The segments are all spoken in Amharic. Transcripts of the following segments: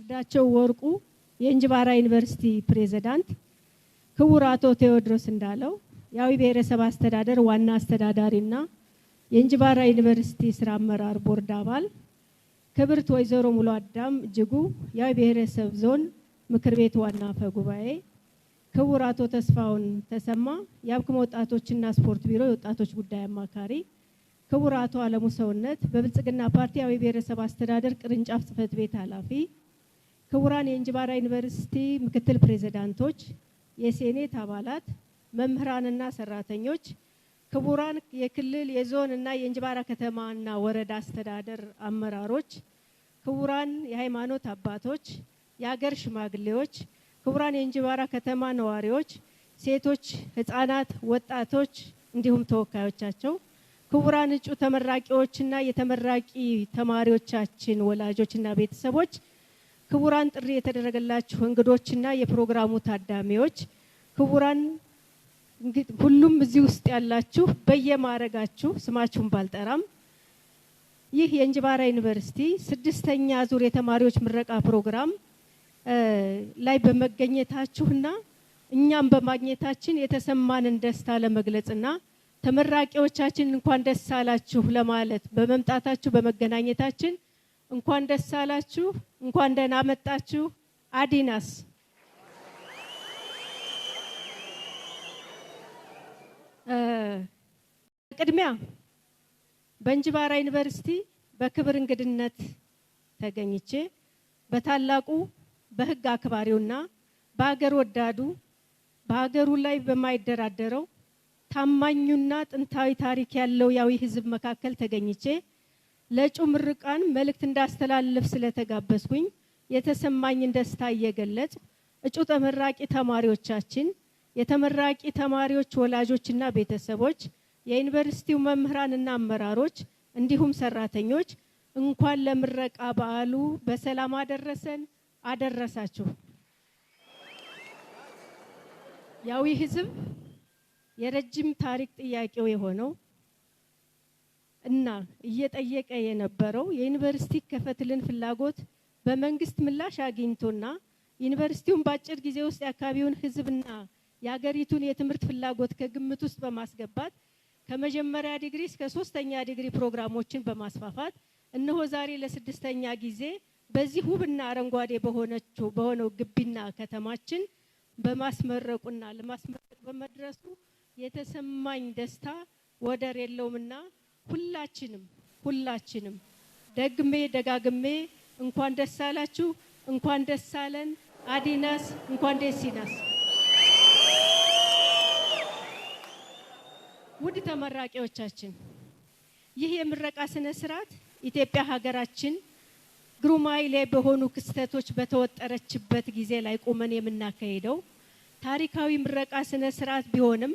አርዳቸው ወርቁ የእንጅባራ ዩኒቨርሲቲ ፕሬዝዳንት፣ ክቡር አቶ ቴዎድሮስ እንዳለው የአዊ ብሔረሰብ አስተዳደር ዋና አስተዳዳሪና የእንጅባራ ዩኒቨርሲቲ ስራ አመራር ቦርድ አባል፣ ክብርት ወይዘሮ ሙሉ አዳም እጅጉ የአዊ ብሔረሰብ ዞን ምክር ቤት ዋና አፈ ጉባኤ፣ ክቡር አቶ ተስፋውን ተሰማ የአብክም ወጣቶችና ስፖርት ቢሮ የወጣቶች ጉዳይ አማካሪ፣ ክቡር አቶ አለሙ ሰውነት በብልጽግና ፓርቲ የአዊ ብሔረሰብ አስተዳደር ቅርንጫፍ ጽህፈት ቤት ኃላፊ ክቡራን የእንጅባራ ዩኒቨርሲቲ ምክትል ፕሬዝዳንቶች፣ የሴኔት አባላት፣ መምህራንና ሰራተኞች፣ ክቡራን የክልል የዞን እና የእንጅባራ ከተማና ወረዳ አስተዳደር አመራሮች፣ ክቡራን የሃይማኖት አባቶች፣ የአገር ሽማግሌዎች፣ ክቡራን የእንጅባራ ከተማ ነዋሪዎች፣ ሴቶች፣ ህጻናት፣ ወጣቶች እንዲሁም ተወካዮቻቸው፣ ክቡራን እጩ ተመራቂዎችና የተመራቂ ተማሪዎቻችን ወላጆችና ቤተሰቦች ክቡራን ጥሪ የተደረገላችሁ እንግዶችና የፕሮግራሙ ታዳሚዎች፣ ክቡራን ሁሉም እዚህ ውስጥ ያላችሁ በየማዕረጋችሁ ስማችሁን ባልጠራም ይህ የእንጅባራ ዩኒቨርሲቲ ስድስተኛ ዙር የተማሪዎች ምረቃ ፕሮግራም ላይ በመገኘታችሁና እኛም በማግኘታችን የተሰማንን ደስታ ለመግለጽና ተመራቂዎቻችን እንኳን ደስ አላችሁ ለማለት በመምጣታችሁ በመገናኘታችን እንኳን ደስ አላችሁ፣ እንኳን ደህና መጣችሁ አዲናስ። ቅድሚያ በእንጅባራ ዩኒቨርሲቲ በክብር እንግድነት ተገኝቼ በታላቁ በሕግ አክባሪውና በሀገር ወዳዱ በሀገሩ ላይ በማይደራደረው ታማኙና ጥንታዊ ታሪክ ያለው ያዊ ሕዝብ መካከል ተገኝቼ ለእጩ ምርቃን መልእክት እንዳስተላልፍ ስለተጋበዝኩኝ የተሰማኝን ደስታ እየገለጽ እጩ ተመራቂ ተማሪዎቻችን፣ የተመራቂ ተማሪዎች ወላጆችና ቤተሰቦች፣ የዩኒቨርሲቲው መምህራንና አመራሮች እንዲሁም ሰራተኞች እንኳን ለምረቃ በዓሉ በሰላም አደረሰን አደረሳችሁ። ያዊ ህዝብ የረጅም ታሪክ ጥያቄው የሆነው እና እየጠየቀ የነበረው የዩኒቨርሲቲ ከፈትልን ፍላጎት በመንግስት ምላሽ አግኝቶና ዩኒቨርሲቲውን በአጭር ጊዜ ውስጥ የአካባቢውን ህዝብና የአገሪቱን የትምህርት ፍላጎት ከግምት ውስጥ በማስገባት ከመጀመሪያ ዲግሪ እስከ ሶስተኛ ዲግሪ ፕሮግራሞችን በማስፋፋት እነሆ ዛሬ ለስድስተኛ ጊዜ በዚህ ውብና አረንጓዴ በሆነችው በሆነው ግቢና ከተማችን በማስመረቁና ለማስመረቅ በመድረሱ የተሰማኝ ደስታ ወደር የለውምና ሁላችንም ሁላችንም ደግሜ ደጋግሜ እንኳን ደስ አላችሁ፣ እንኳን ደስ አለን። አዲናስ እንኳን ደስ ይናስ። ውድ ተመራቂዎቻችን ይህ የምረቃ ስነ ስርዓት ኢትዮጵያ ሀገራችን ግሩማይ ላይ በሆኑ ክስተቶች በተወጠረችበት ጊዜ ላይ ቁመን የምናካሄደው ታሪካዊ ምረቃ ስነ ስርዓት ቢሆንም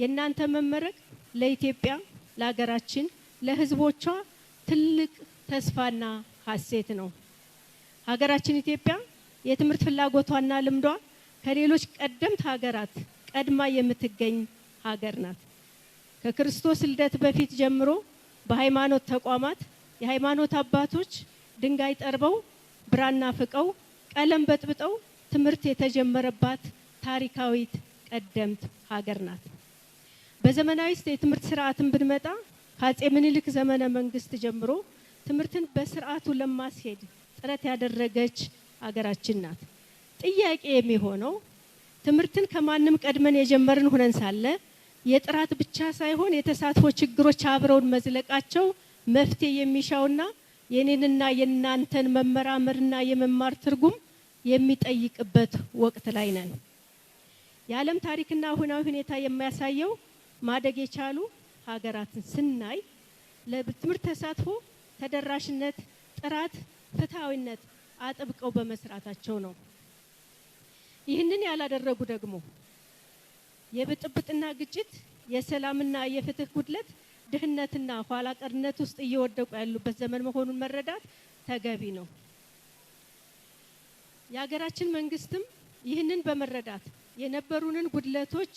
የእናንተ መመረቅ ለኢትዮጵያ ለሀገራችን ለህዝቦቿ ትልቅ ተስፋና ሀሴት ነው። ሀገራችን ኢትዮጵያ የትምህርት ፍላጎቷና ልምዷ ከሌሎች ቀደምት ሀገራት ቀድማ የምትገኝ ሀገር ናት። ከክርስቶስ ልደት በፊት ጀምሮ በሃይማኖት ተቋማት የሃይማኖት አባቶች ድንጋይ ጠርበው ብራና ፍቀው ቀለም በጥብጠው ትምህርት የተጀመረባት ታሪካዊት ቀደምት ሀገር ናት። በዘመናዊ የትምህርት ስርዓትን ብንመጣ ከአጼ ምኒልክ ዘመነ መንግስት ጀምሮ ትምህርትን በስርዓቱ ለማስሄድ ጥረት ያደረገች አገራችን ናት። ጥያቄ የሚሆነው ትምህርትን ከማንም ቀድመን የጀመርን ሆነን ሳለ የጥራት ብቻ ሳይሆን የተሳትፎ ችግሮች አብረውን መዝለቃቸው መፍትሄ የሚሻውና የኔንና የእናንተን መመራመርና የመማር ትርጉም የሚጠይቅበት ወቅት ላይ ነን። የዓለም ታሪክና አሁናዊ ሁኔታ የሚያሳየው ማደግ የቻሉ ሀገራትን ስናይ ለትምህርት ተሳትፎ ተደራሽነት፣ ጥራት፣ ፍትሐዊነት አጥብቀው በመስራታቸው ነው። ይህንን ያላደረጉ ደግሞ የብጥብጥና ግጭት፣ የሰላምና የፍትህ ጉድለት፣ ድህነትና ኋላ ቀርነት ውስጥ እየወደቁ ያሉበት ዘመን መሆኑን መረዳት ተገቢ ነው። የሀገራችን መንግስትም ይህንን በመረዳት የነበሩንን ጉድለቶች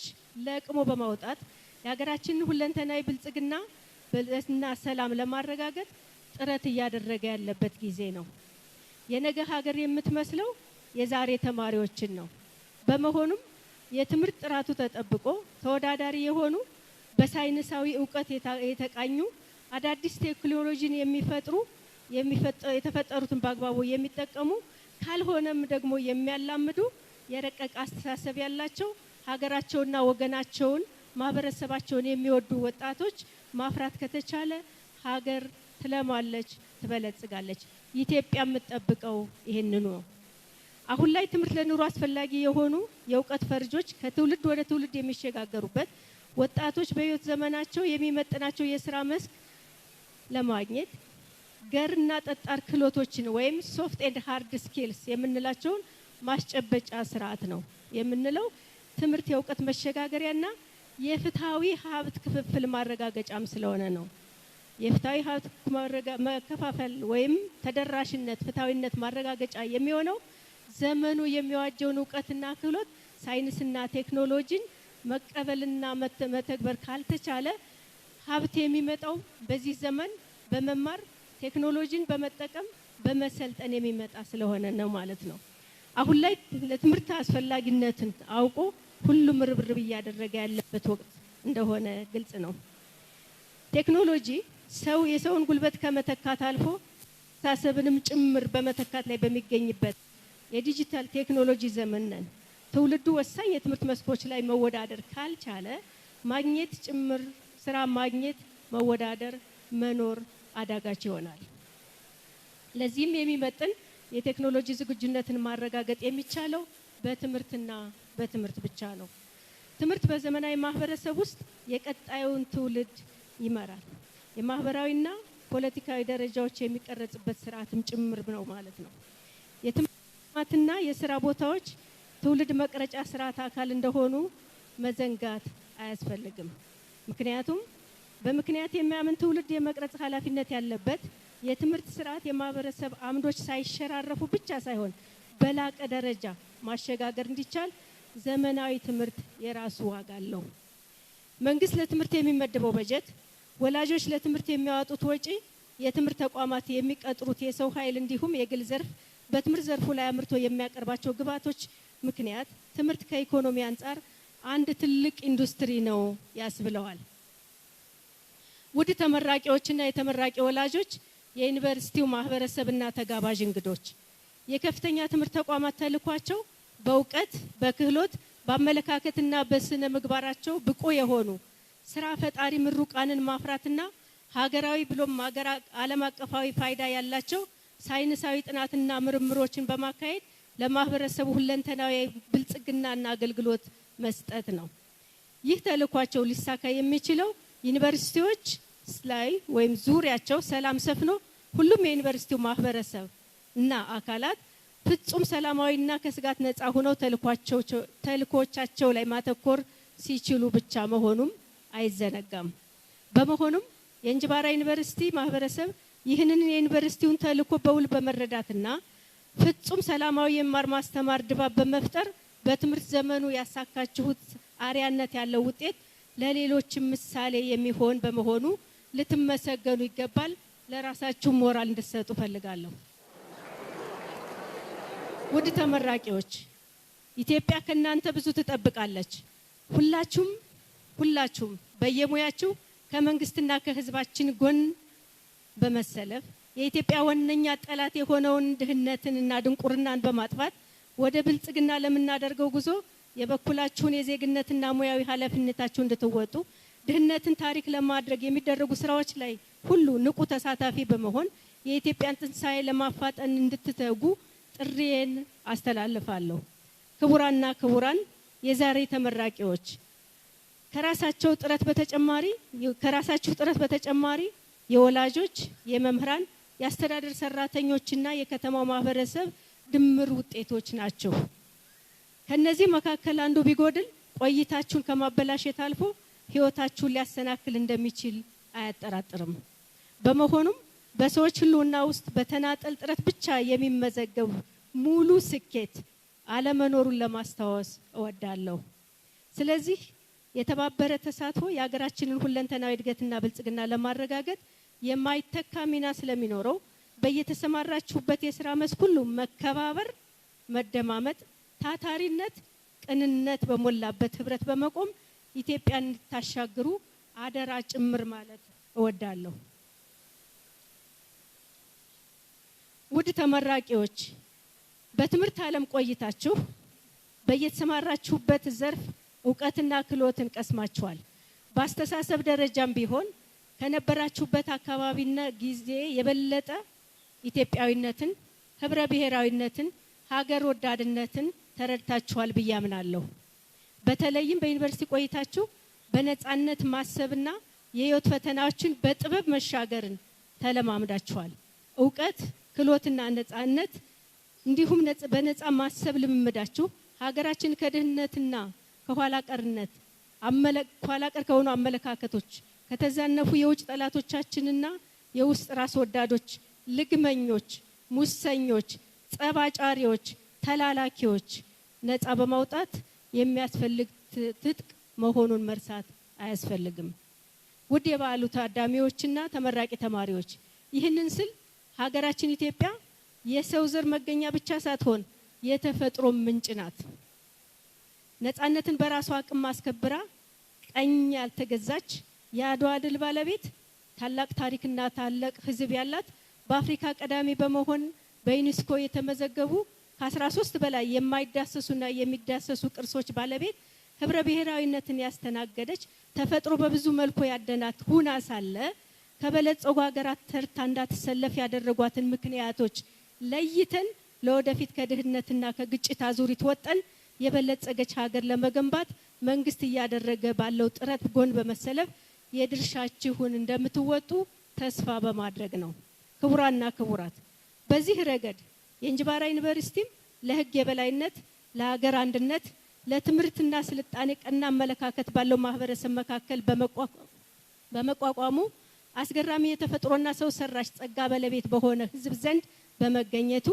ለቅሞ በማውጣት የሀገራችንን ሁለንተናዊ ብልጽግና እና ሰላም ለማረጋገጥ ጥረት እያደረገ ያለበት ጊዜ ነው። የነገ ሀገር የምትመስለው የዛሬ ተማሪዎችን ነው። በመሆኑም የትምህርት ጥራቱ ተጠብቆ ተወዳዳሪ የሆኑ በሳይንሳዊ እውቀት የተቃኙ አዳዲስ ቴክኖሎጂን የሚፈጥሩ የተፈጠሩትን በአግባቡ የሚጠቀሙ ካልሆነም ደግሞ የሚያላምዱ የረቀቀ አስተሳሰብ ያላቸው ሀገራቸውና ወገናቸውን ማህበረሰባቸውን የሚወዱ ወጣቶች ማፍራት ከተቻለ ሀገር ትለማለች፣ ትበለጽጋለች። ኢትዮጵያ የምትጠብቀው ይህንኑ ነው። አሁን ላይ ትምህርት ለኑሮ አስፈላጊ የሆኑ የእውቀት ፈርጆች ከትውልድ ወደ ትውልድ የሚሸጋገሩበት ወጣቶች በህይወት ዘመናቸው የሚመጥናቸው የስራ መስክ ለማግኘት ገርና ጠጣር ክህሎቶችን ወይም ሶፍት ኤንድ ሃርድ ስኪልስ የምንላቸውን ማስጨበጫ ስርዓት ነው የምንለው። ትምህርት የእውቀት መሸጋገሪያና የፍትሐዊ ሀብት ክፍፍል ማረጋገጫም ስለሆነ ነው። የፍትሐዊ ሀብት መከፋፈል ወይም ተደራሽነት፣ ፍትሐዊነት ማረጋገጫ የሚሆነው ዘመኑ የሚዋጀውን እውቀትና ክህሎት ሳይንስና ቴክኖሎጂን መቀበልና መተግበር ካልተቻለ ሀብት የሚመጣው በዚህ ዘመን በመማር ቴክኖሎጂን በመጠቀም በመሰልጠን የሚመጣ ስለሆነ ነው ማለት ነው። አሁን ላይ ለትምህርት አስፈላጊነትን አውቆ ሁሉም ርብርብ እያደረገ ያለበት ወቅት እንደሆነ ግልጽ ነው። ቴክኖሎጂ ሰው የሰውን ጉልበት ከመተካት አልፎ ታሰብንም ጭምር በመተካት ላይ በሚገኝበት የዲጂታል ቴክኖሎጂ ዘመን ነን። ትውልዱ ወሳኝ የትምህርት መስኮች ላይ መወዳደር ካልቻለ ማግኘት ጭምር ስራ ማግኘት፣ መወዳደር፣ መኖር አዳጋች ይሆናል። ለዚህም የሚመጥን የቴክኖሎጂ ዝግጁነትን ማረጋገጥ የሚቻለው በትምህርትና በትምህርት ብቻ ነው። ትምህርት በዘመናዊ ማህበረሰብ ውስጥ የቀጣዩን ትውልድ ይመራል። የማህበራዊና ፖለቲካዊ ደረጃዎች የሚቀረጽበት ስርዓትም ጭምር ነው ማለት ነው። የትምህርትና የስራ ቦታዎች ትውልድ መቅረጫ ስርዓት አካል እንደሆኑ መዘንጋት አያስፈልግም። ምክንያቱም በምክንያት የሚያምን ትውልድ የመቅረጽ ኃላፊነት ያለበት የትምህርት ስርዓት የማህበረሰብ አምዶች ሳይሸራረፉ ብቻ ሳይሆን በላቀ ደረጃ ማሸጋገር እንዲቻል ዘመናዊ ትምህርት የራሱ ዋጋ አለው። መንግስት ለትምህርት የሚመደበው በጀት፣ ወላጆች ለትምህርት የሚያወጡት ወጪ፣ የትምህርት ተቋማት የሚቀጥሩት የሰው ኃይል እንዲሁም የግል ዘርፍ በትምህርት ዘርፉ ላይ አምርቶ የሚያቀርባቸው ግብዓቶች ምክንያት ትምህርት ከኢኮኖሚ አንጻር አንድ ትልቅ ኢንዱስትሪ ነው ያስብለዋል። ውድ ተመራቂዎችና የተመራቂ ወላጆች፣ የዩኒቨርሲቲው ማህበረሰብና ተጋባዥ እንግዶች የከፍተኛ ትምህርት ተቋማት ተልኳቸው በእውቀት በክህሎት በአመለካከትና በስነ ምግባራቸው ብቁ የሆኑ ስራ ፈጣሪ ምሩቃንን ማፍራትና ሀገራዊ ብሎም ዓለም አቀፋዊ ፋይዳ ያላቸው ሳይንሳዊ ጥናትና ምርምሮችን በማካሄድ ለማህበረሰቡ ሁለንተናዊ ብልጽግናና አገልግሎት መስጠት ነው። ይህ ተልኳቸው ሊሳካ የሚችለው ዩኒቨርሲቲዎች ላይ ወይም ዙሪያቸው ሰላም ሰፍኖ ሁሉም የዩኒቨርሲቲው ማህበረሰብ እና አካላት ፍጹም ሰላማዊና ከስጋት ነፃ ሆነው ተልኮቻቸው ላይ ማተኮር ሲችሉ ብቻ መሆኑም አይዘነጋም። በመሆኑም የእንጅባራ ዩኒቨርሲቲ ማህበረሰብ ይህንን የዩኒቨርሲቲውን ተልእኮ በውል በመረዳትና ፍጹም ሰላማዊ የመማር ማስተማር ድባብ በመፍጠር በትምህርት ዘመኑ ያሳካችሁት አሪያነት ያለው ውጤት ለሌሎችም ምሳሌ የሚሆን በመሆኑ ልትመሰገኑ ይገባል። ለራሳችሁ ሞራል እንድትሰጡ ፈልጋለሁ። ውድ ተመራቂዎች ኢትዮጵያ ከእናንተ ብዙ ትጠብቃለች። ሁላችሁም ሁላችሁም በየሙያችሁ ከመንግስትና ከህዝባችን ጎን በመሰለፍ የኢትዮጵያ ዋነኛ ጠላት የሆነውን ድህነትንና ድንቁርናን በማጥፋት ወደ ብልጽግና ለምናደርገው ጉዞ የበኩላችሁን የዜግነትና ሙያዊ ኃላፊነታችሁ እንድትወጡ ድህነትን ታሪክ ለማድረግ የሚደረጉ ስራዎች ላይ ሁሉ ንቁ ተሳታፊ በመሆን የኢትዮጵያን ትንሣኤ ለማፋጠን እንድትተጉ ጥሪዬን አስተላልፋለሁ። ክቡራና ክቡራን የዛሬ ተመራቂዎች ከራሳቸው ጥረት በተጨማሪ ከራሳችሁ ጥረት በተጨማሪ የወላጆች፣ የመምህራን፣ የአስተዳደር ሰራተኞችና የከተማው ማህበረሰብ ድምር ውጤቶች ናቸው። ከነዚህ መካከል አንዱ ቢጎድል ቆይታችሁን ከማበላሸት አልፎ ህይወታችሁን ሊያሰናክል እንደሚችል አያጠራጥርም። በመሆኑም በሰዎች ህልውና ውስጥ በተናጠል ጥረት ብቻ የሚመዘገብ ሙሉ ስኬት አለመኖሩን ለማስታወስ እወዳለሁ። ስለዚህ የተባበረ ተሳትፎ የሀገራችንን ሁለንተናዊ እድገትና ብልጽግና ለማረጋገጥ የማይተካ ሚና ስለሚኖረው በየተሰማራችሁበት የስራ መስክ ሁሉ መከባበር፣ መደማመጥ፣ ታታሪነት፣ ቅንነት በሞላበት ህብረት በመቆም ኢትዮጵያን እንድታሻግሩ አደራ ጭምር ማለት እወዳለሁ። ውድ ተመራቂዎች በትምህርት ዓለም ቆይታችሁ በየተሰማራችሁበት ዘርፍ እውቀትና ክህሎትን ቀስማችኋል። በአስተሳሰብ ደረጃም ቢሆን ከነበራችሁበት አካባቢና ጊዜ የበለጠ ኢትዮጵያዊነትን፣ ህብረ ብሔራዊነትን፣ ሀገር ወዳድነትን ተረድታችኋል ብዬ አምናለሁ። በተለይም በዩኒቨርሲቲ ቆይታችሁ በነጻነት ማሰብና የህይወት ፈተናዎችን በጥበብ መሻገርን ተለማምዳችኋል። እውቀት ክህሎትና ነጻነት እንዲሁም በነጻ ማሰብ ልምምዳችሁ ሀገራችን ከድህነትና ከኋላ ቀርነት ኋላ ቀር ከሆኑ አመለካከቶች ከተዛነፉ የውጭ ጠላቶቻችንና የውስጥ ራስ ወዳዶች፣ ልግመኞች፣ ሙሰኞች፣ ጸባጫሪዎች ተላላኪዎች ነጻ በማውጣት የሚያስፈልግ ትጥቅ መሆኑን መርሳት አያስፈልግም። ውድ የበዓሉ ታዳሚዎችና ተመራቂ ተማሪዎች ይህንን ስል ሀገራችን ኢትዮጵያ የሰው ዘር መገኛ ብቻ ሳትሆን የተፈጥሮ ምንጭ ናት። ነጻነትን በራሷ አቅም ማስከብራ ቀኝ ያልተገዛች የአድዋ ድል ባለቤት ታላቅ ታሪክና ታላቅ ሕዝብ ያላት በአፍሪካ ቀዳሚ በመሆን በዩኒስኮ የተመዘገቡ ከ13 በላይ የማይዳሰሱና የሚዳሰሱ ቅርሶች ባለቤት ህብረ ብሔራዊነትን ያስተናገደች ተፈጥሮ በብዙ መልኩ ያደናት ሁና ሳለ ከበለጸጉ ሀገራት ተርታ እንዳትሰለፍ ያደረጓትን ምክንያቶች ለይተን ለወደፊት ከድህነትና ከግጭት አዙሪት ወጠን የበለጸገች ሀገር ለመገንባት መንግስት እያደረገ ባለው ጥረት ጎን በመሰለፍ የድርሻችሁን እንደምትወጡ ተስፋ በማድረግ ነው። ክቡራና ክቡራት፣ በዚህ ረገድ የእንጅባራ ዩኒቨርሲቲም ለህግ የበላይነት፣ ለሀገር አንድነት፣ ለትምህርትና ስልጣኔ ቀና አመለካከት ባለው ማህበረሰብ መካከል በመቋቋሙ አስገራሚ የተፈጥሮና ሰው ሰራሽ ጸጋ ባለቤት በሆነ ህዝብ ዘንድ በመገኘቱ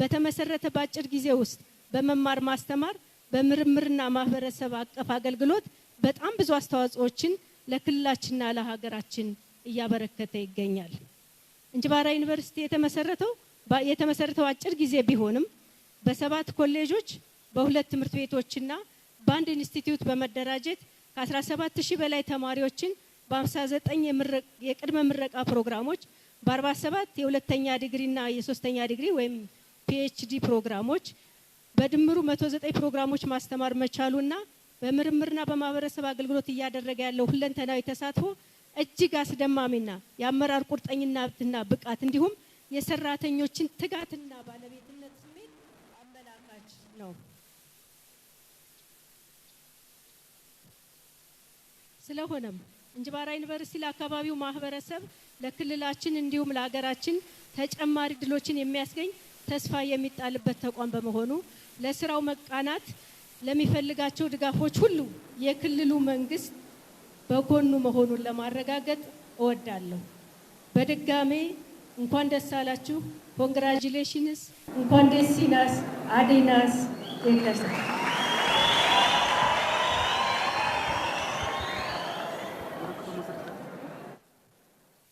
በተመሰረተ በአጭር ጊዜ ውስጥ በመማር ማስተማር በምርምርና ማህበረሰብ አቀፍ አገልግሎት በጣም ብዙ አስተዋጽኦችን ለክልላችንና ለሀገራችን እያበረከተ ይገኛል። እንጅባራ ዩኒቨርሲቲ የተመሰረተው የተመሰረተው አጭር ጊዜ ቢሆንም በሰባት ኮሌጆች በሁለት ትምህርት ቤቶችና በአንድ ኢንስቲትዩት በመደራጀት ከ17 ሺህ በላይ ተማሪዎችን በ59 የቅድመ ምረቃ ፕሮግራሞች በ47 የሁለተኛ ዲግሪና የሶስተኛ ዲግሪ ወይም ፒኤችዲ ፕሮግራሞች በድምሩ 109 ፕሮግራሞች ማስተማር መቻሉና በምርምርና በማህበረሰብ አገልግሎት እያደረገ ያለው ሁለንተናዊ ተሳትፎ እጅግ አስደማሚና የአመራር ቁርጠኝነትና ብቃት እንዲሁም የሰራተኞችን ትጋትና ባለቤትነት ስሜት አመላካች ነው። ስለሆነም እንጅባራ ዩኒቨርሲቲ ለአካባቢው ማህበረሰብ፣ ለክልላችን እንዲሁም ለሀገራችን ተጨማሪ ድሎችን የሚያስገኝ ተስፋ የሚጣልበት ተቋም በመሆኑ ለስራው መቃናት ለሚፈልጋቸው ድጋፎች ሁሉ የክልሉ መንግስት በጎኑ መሆኑን ለማረጋገጥ እወዳለሁ። በድጋሜ እንኳን ደስ አላችሁ። ኮንግራጁሌሽንስ! እንኳን ደስ ይላስ አዲናስ